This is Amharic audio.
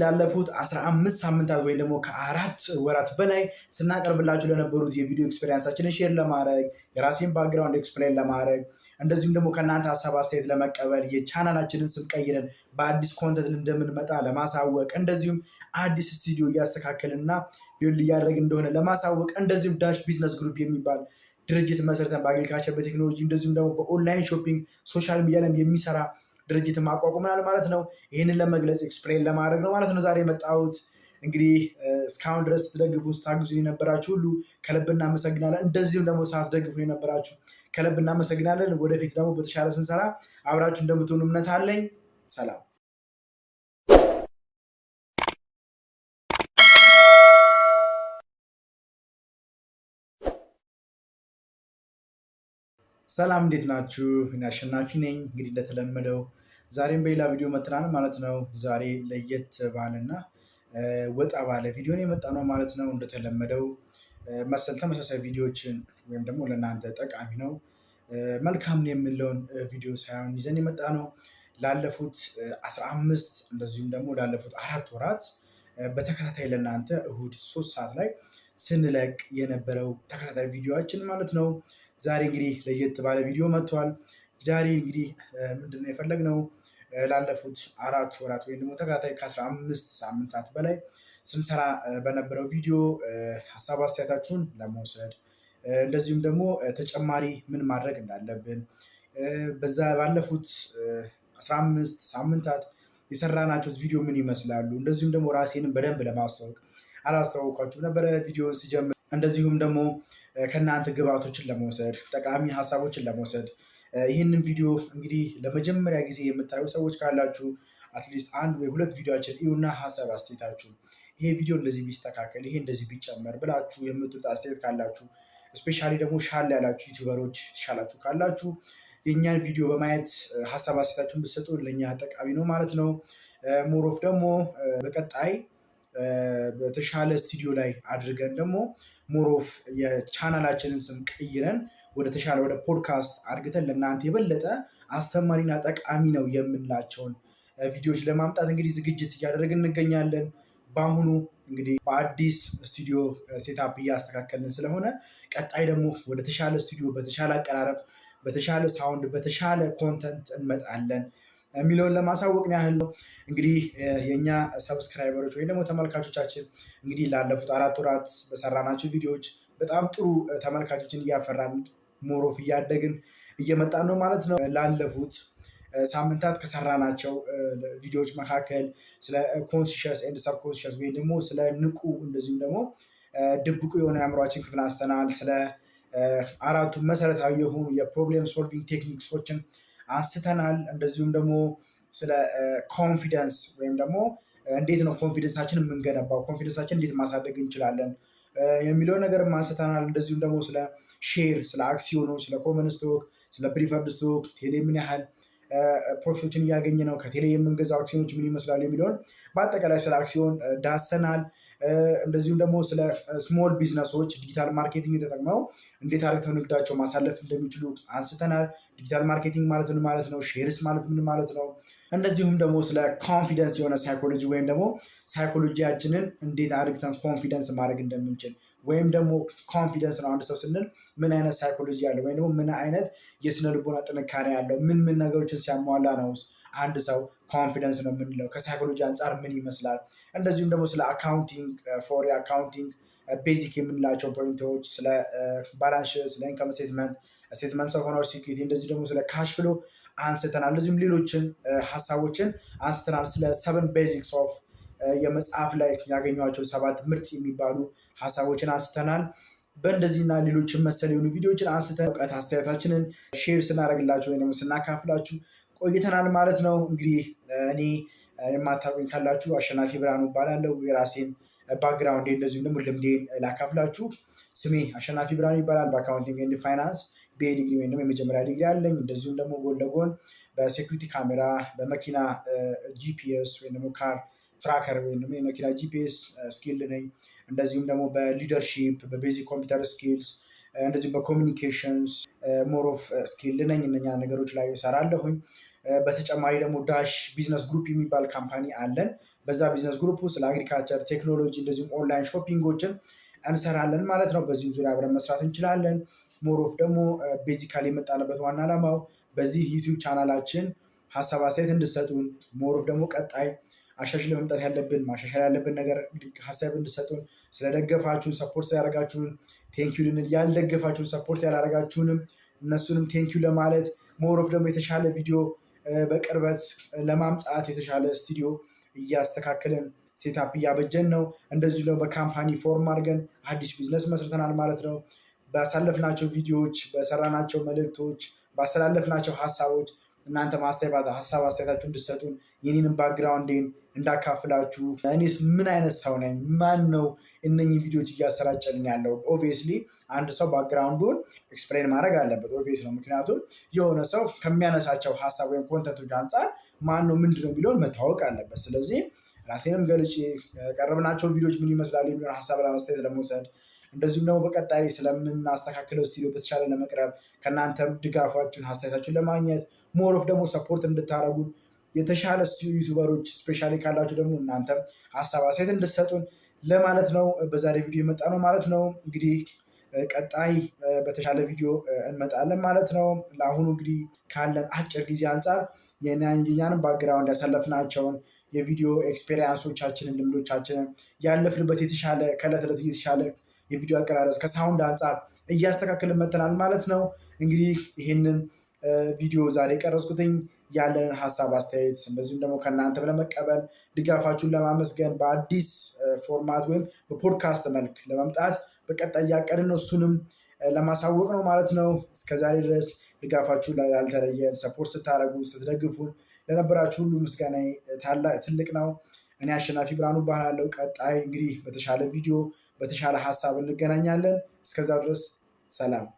ላለፉት 15 ሳምንታት ወይም ደግሞ ከአራት ወራት በላይ ስናቀርብላችሁ ለነበሩት የቪዲዮ ኤክስፔሪንሳችንን ሼር ለማድረግ የራሴን ባክግራውንድ ኤክስፕሌን ለማድረግ እንደዚሁም ደግሞ ከእናንተ ሀሳብ አስተያየት ለመቀበል የቻናላችንን ስም ቀይረን በአዲስ ኮንተንት እንደምንመጣ ለማሳወቅ እንደዚሁም አዲስ ስቱዲዮ እያስተካከልና ቢውል እያደረግን እንደሆነ ለማሳወቅ እንደዚሁም ዳሽ ቢዝነስ ግሩፕ የሚባል ድርጅት መሰረተን በአግሪካልቸር በቴክኖሎጂ እንደዚሁም ደግሞ በኦንላይን ሾፒንግ ሶሻል ሚዲያ የሚሰራ ድርጅትን ማቋቁመናል ማለት ነው። ይህንን ለመግለጽ ኤክስፕሌን ለማድረግ ነው ማለት ነው ዛሬ የመጣሁት። እንግዲህ እስካሁን ድረስ ስትደግፉን ስታግዙን የነበራችሁ ሁሉ ከልብ እናመሰግናለን። እንደዚሁም ደግሞ ሳትደግፉን የነበራችሁ ከልብ እናመሰግናለን። ወደፊት ደግሞ በተሻለ ስንሰራ አብራችሁ እንደምትሆኑ እምነት አለኝ። ሰላም። ሰላም እንዴት ናችሁ? እኔ አሸናፊ ነኝ። እንግዲህ እንደተለመደው ዛሬም በሌላ ቪዲዮ መጥናል ማለት ነው። ዛሬ ለየት ባለና ወጣ ባለ ቪዲዮን የመጣ ነው ማለት ነው። እንደተለመደው መሰል ተመሳሳይ ቪዲዮዎችን ወይም ደግሞ ለእናንተ ጠቃሚ ነው መልካም የምንለውን ቪዲዮ ሳይሆን ይዘን የመጣ ነው። ላለፉት አስራ አምስት እንደዚሁም ደግሞ ላለፉት አራት ወራት በተከታታይ ለእናንተ እሁድ ሶስት ሰዓት ላይ ስንለቅ የነበረው ተከታታይ ቪዲዮችን ማለት ነው። ዛሬ እንግዲህ ለየት ባለ ቪዲዮ መጥቷል። ዛሬ እንግዲህ ምንድነው የፈለግነው ላለፉት አራት ወራት ወይም ደግሞ ተከታታይ ከአስራ አምስት ሳምንታት በላይ ስንሰራ በነበረው ቪዲዮ ሀሳብ አስተያየታችሁን ለመውሰድ እንደዚሁም ደግሞ ተጨማሪ ምን ማድረግ እንዳለብን በዛ ባለፉት አስራ አምስት ሳምንታት የሰራናቸው ቪዲዮ ምን ይመስላሉ፣ እንደዚሁም ደግሞ ራሴንም በደንብ ለማስታወቅ አላስተዋወኳችሁም ነበረ ቪዲዮን ሲጀምር እንደዚሁም ደግሞ ከእናንተ ግብዓቶችን ለመውሰድ ጠቃሚ ሀሳቦችን ለመውሰድ ይህንን ቪዲዮ እንግዲህ ለመጀመሪያ ጊዜ የምታዩ ሰዎች ካላችሁ አትሊስት አንድ ወይ ሁለት ቪዲዮችን እዩና ሀሳብ አስተያየታችሁ ይሄ ቪዲዮ እንደዚህ ቢስተካከል፣ ይሄ እንደዚህ ቢጨመር ብላችሁ የምትሉት አስተያየት ካላችሁ እስፔሻሊ ደግሞ ሻል ያላችሁ ዩቲዩበሮች ሻላችሁ ካላችሁ የእኛን ቪዲዮ በማየት ሀሳብ አስተያየታችሁን ብትሰጡ ለእኛ ጠቃሚ ነው ማለት ነው። ሞሮፍ ደግሞ በቀጣይ በተሻለ ስቱዲዮ ላይ አድርገን ደግሞ ሞሮፍ የቻናላችንን ስም ቀይረን ወደ ተሻለ ወደ ፖድካስት አድርግተን ለእናንተ የበለጠ አስተማሪና ጠቃሚ ነው የምንላቸውን ቪዲዮዎች ለማምጣት እንግዲህ ዝግጅት እያደረግን እንገኛለን። በአሁኑ እንግዲህ በአዲስ ስቱዲዮ ሴታፕ እያስተካከልን ስለሆነ ቀጣይ ደግሞ ወደ ተሻለ ስቱዲዮ በተሻለ አቀራረብ፣ በተሻለ ሳውንድ፣ በተሻለ ኮንተንት እንመጣለን የሚለውን ለማሳወቅን ያህል ነው። እንግዲህ የእኛ ሰብስክራይበሮች ወይም ደግሞ ተመልካቾቻችን እንግዲህ ላለፉት አራት ወራት በሰራናቸው ቪዲዮዎች በጣም ጥሩ ተመልካቾችን እያፈራን ሞሮፍ እያደግን እየመጣን ነው ማለት ነው። ላለፉት ሳምንታት ከሰራናቸው ቪዲዮዎች መካከል ስለ ኮንሽስ ኤንድ ሰብኮንሽስ ወይም ደግሞ ስለ ንቁ እንደዚሁም ደግሞ ድብቁ የሆነ የአእምሯችን ክፍል አንስተናል። ስለ አራቱ መሰረታዊ የሆኑ የፕሮብሌም ሶልቪንግ ቴክኒክሶችን አንስተናል። እንደዚሁም ደግሞ ስለ ኮንፊደንስ ወይም ደግሞ እንዴት ነው ኮንፊደንሳችን የምንገነባው፣ ኮንፊደንሳችን እንዴት ማሳደግ እንችላለን የሚለው ነገር ማንስተናል እንደዚሁም ደግሞ ስለ ሼር፣ ስለ አክሲዮኖች፣ ስለ ኮመን ስቶክ፣ ስለ ፕሪፈርድ ስቶክ ቴሌ ምን ያህል ፕሮፊቶችን እያገኘ ነው፣ ከቴሌ የምንገዛው አክሲዮኖች ምን ይመስላል የሚለውን በአጠቃላይ ስለ አክሲዮን ዳሰናል። እንደዚሁም ደግሞ ስለ ስሞል ቢዝነሶች ዲጂታል ማርኬቲንግ ተጠቅመው እንዴት አድርገው ንግዳቸው ማሳለፍ እንደሚችሉ አንስተናል። ዲጂታል ማርኬቲንግ ማለት ምን ማለት ነው? ሼርስ ማለት ምን ማለት ነው? እንደዚሁም ደግሞ ስለ ኮንፊደንስ የሆነ ሳይኮሎጂ ወይም ደግሞ ሳይኮሎጂያችንን እንዴት አድርገን ኮንፊደንስ ማድረግ እንደምንችል ወይም ደግሞ ኮንፊደንስ ነው አንድ ሰው ስንል ምን አይነት ሳይኮሎጂ ያለው ወይም ደግሞ ምን አይነት የስነ ልቦና ጥንካሬ ያለው ምን ምን ነገሮችን ሲያሟላ ነው አንድ ሰው ኮንፊደንስ ነው የምንለው፣ ከሳይኮሎጂ አንጻር ምን ይመስላል። እንደዚሁም ደግሞ ስለ አካውንቲንግ ፎር አካውንቲንግ ቤዚክ የምንላቸው ፖይንቶች ስለ ባላንስ፣ uh, ስለ ኢንካም ስቴትመንት፣ ስቴትመንት ኦፍ ኦነር ሲኩሪቲ፣ እንደዚህ ደግሞ ስለ ካሽ ፍሎ አንስተናል። እንደዚሁም ሌሎችን uh, ሀሳቦችን አንስተናል ስለ ሰቨን ቤዚክስ ኦፍ የመጽሐፍ ላይ ያገኟቸው ሰባት ምርጥ የሚባሉ ሀሳቦችን አንስተናል። በእንደዚህና ሌሎችን መሰል የሆኑ ቪዲዮዎችን አንስተን እውቀት አስተያየታችንን ሼር ስናደርግላችሁ ወይም ስናካፍላችሁ ቆይተናል ማለት ነው። እንግዲህ እኔ የማታውቁኝ ካላችሁ አሸናፊ ብርሃኑ እባላለሁ። የራሴን ባክግራውንድ እንደዚሁም ደግሞ ልምዴን ላካፍላችሁ። ስሜ አሸናፊ ብርሃኑ ይባላል። በአካውንቲንግ ኤንድ ፋይናንስ ቢኤ ዲግሪ ወይም ደግሞ የመጀመሪያ ዲግሪ አለኝ። እንደዚሁም ደግሞ ጎን ለጎን በሴኩሪቲ ካሜራ፣ በመኪና ጂፒኤስ ወይም ደግሞ ካር ትራከር ወይም ደግሞ የመኪና ጂፒኤስ ስኪል uh, ነኝ። እንደዚሁም ደግሞ በሊደርሺፕ በቤዚክ ኮምፒውተር ስኪልስ uh, እንደዚሁም በኮሚኒኬሽንስ uh, ሞሮፍ ስኪል ነኝ። እነኛ ነገሮች ላይ እሰራለሁኝ። በተጨማሪ ደግሞ ዳሽ ቢዝነስ ግሩፕ የሚባል ካምፓኒ አለን። በዛ ቢዝነስ ግሩፕ ውስጥ ለአግሪካልቸር ቴክኖሎጂ፣ እንደዚሁም ኦንላይን ሾፒንጎችን እንሰራለን ማለት ነው። በዚህም ዙሪያ አብረን መስራት እንችላለን። ሞሮፍ ደግሞ ቤዚካሊ የመጣንበት ዋና ዓላማው በዚህ ዩቲዩብ ቻናላችን ሀሳብ አስተያየት እንድሰጡን ሞሮፍ ደግሞ ቀጣይ አሻሽል መምጣት ያለብን ማሻሻል ያለብን ነገር ሀሳብ እንድሰጡን ስለደገፋችሁን ሰፖርት ስላደረጋችሁን ቴንኪዩ ልንል ያልደገፋችሁን ሰፖርት ያላደረጋችሁንም እነሱንም ቴንኪዩ ለማለት ሞሮፍ ደግሞ የተሻለ ቪዲዮ በቅርበት ለማምጣት የተሻለ ስቱዲዮ እያስተካከልን ሴታፕ እያበጀን ነው። እንደዚሁ ደግሞ በካምፓኒ ፎርም አድርገን አዲስ ቢዝነስ መስርተናል ማለት ነው። ባሳለፍናቸው ቪዲዮዎች፣ በሰራናቸው መልእክቶች፣ ባስተላለፍናቸው ሀሳቦች እናንተ ማስተያየት ሀሳብ አስተያየታችሁ እንድሰጡን የኔንም ባክግራውንዴን እንዳካፍላችሁ እኔስ ምን አይነት ሰው ነኝ፣ ማን ነው እነኚህ ቪዲዮዎች እያሰራጨልን ያለው? ኦብቪየስሊ አንድ ሰው ባክግራውንዱን ኤክስፕሌን ማድረግ አለበት። ኦብቪየስ ነው፣ ምክንያቱም የሆነ ሰው ከሚያነሳቸው ሀሳብ ወይም ኮንተንቶች አንጻር ማን ነው ምንድን ነው የሚለውን መታወቅ አለበት። ስለዚህ ራሴንም ገልጬ ቀረብናቸው ቪዲዮዎች ምን ይመስላሉ የሚሆን ሀሳብ ለማስተያየት ለመውሰድ እንደዚሁም ደግሞ በቀጣይ ስለምናስተካክለው ስቱዲዮ በተቻለ ለመቅረብ ከእናንተም ድጋፋችሁን አስተያየታችሁን ለማግኘት ሞሮፍ ደግሞ ሰፖርት እንድታደረጉን የተሻለ ዩቱበሮች ስፔሻሊ ካላችሁ ደግሞ እናንተም ሀሳብ አስተያየት እንድሰጡን ለማለት ነው በዛሬ ቪዲዮ የመጣ ነው ማለት ነው። እንግዲህ ቀጣይ በተሻለ ቪዲዮ እንመጣለን ማለት ነው። ለአሁኑ እንግዲህ ካለን አጭር ጊዜ አንጻር የኛንም ባግራውንድ ያሳለፍናቸውን የቪዲዮ ኤክስፔሪንሶቻችንን ልምዶቻችንን ያለፍንበት የተሻለ ከዕለት ዕለት እየተሻለ የቪዲዮ አቀራረጽ ከሳውንድ አንጻር እያስተካከልን መጥተናል ማለት ነው። እንግዲህ ይህንን ቪዲዮ ዛሬ የቀረጽኩትኝ ያለንን ሀሳብ አስተያየት፣ እንደዚሁም ደግሞ ከእናንተ ለመቀበል ድጋፋችሁን ለማመስገን በአዲስ ፎርማት ወይም በፖድካስት መልክ ለመምጣት በቀጣይ እያቀድን ነው። እሱንም ለማሳወቅ ነው ማለት ነው። እስከዛሬ ድረስ ድጋፋችሁን ላይ ያልተለየን ሰፖርት ስታደረጉ ስትደግፉን ለነበራችሁ ሁሉ ምስጋና ትልቅ ነው። እኔ አሸናፊ ብርሃኑ ባህላለው። ቀጣይ እንግዲህ በተሻለ ቪዲዮ በተሻለ ሀሳብ እንገናኛለን። እስከዛ ድረስ ሰላም።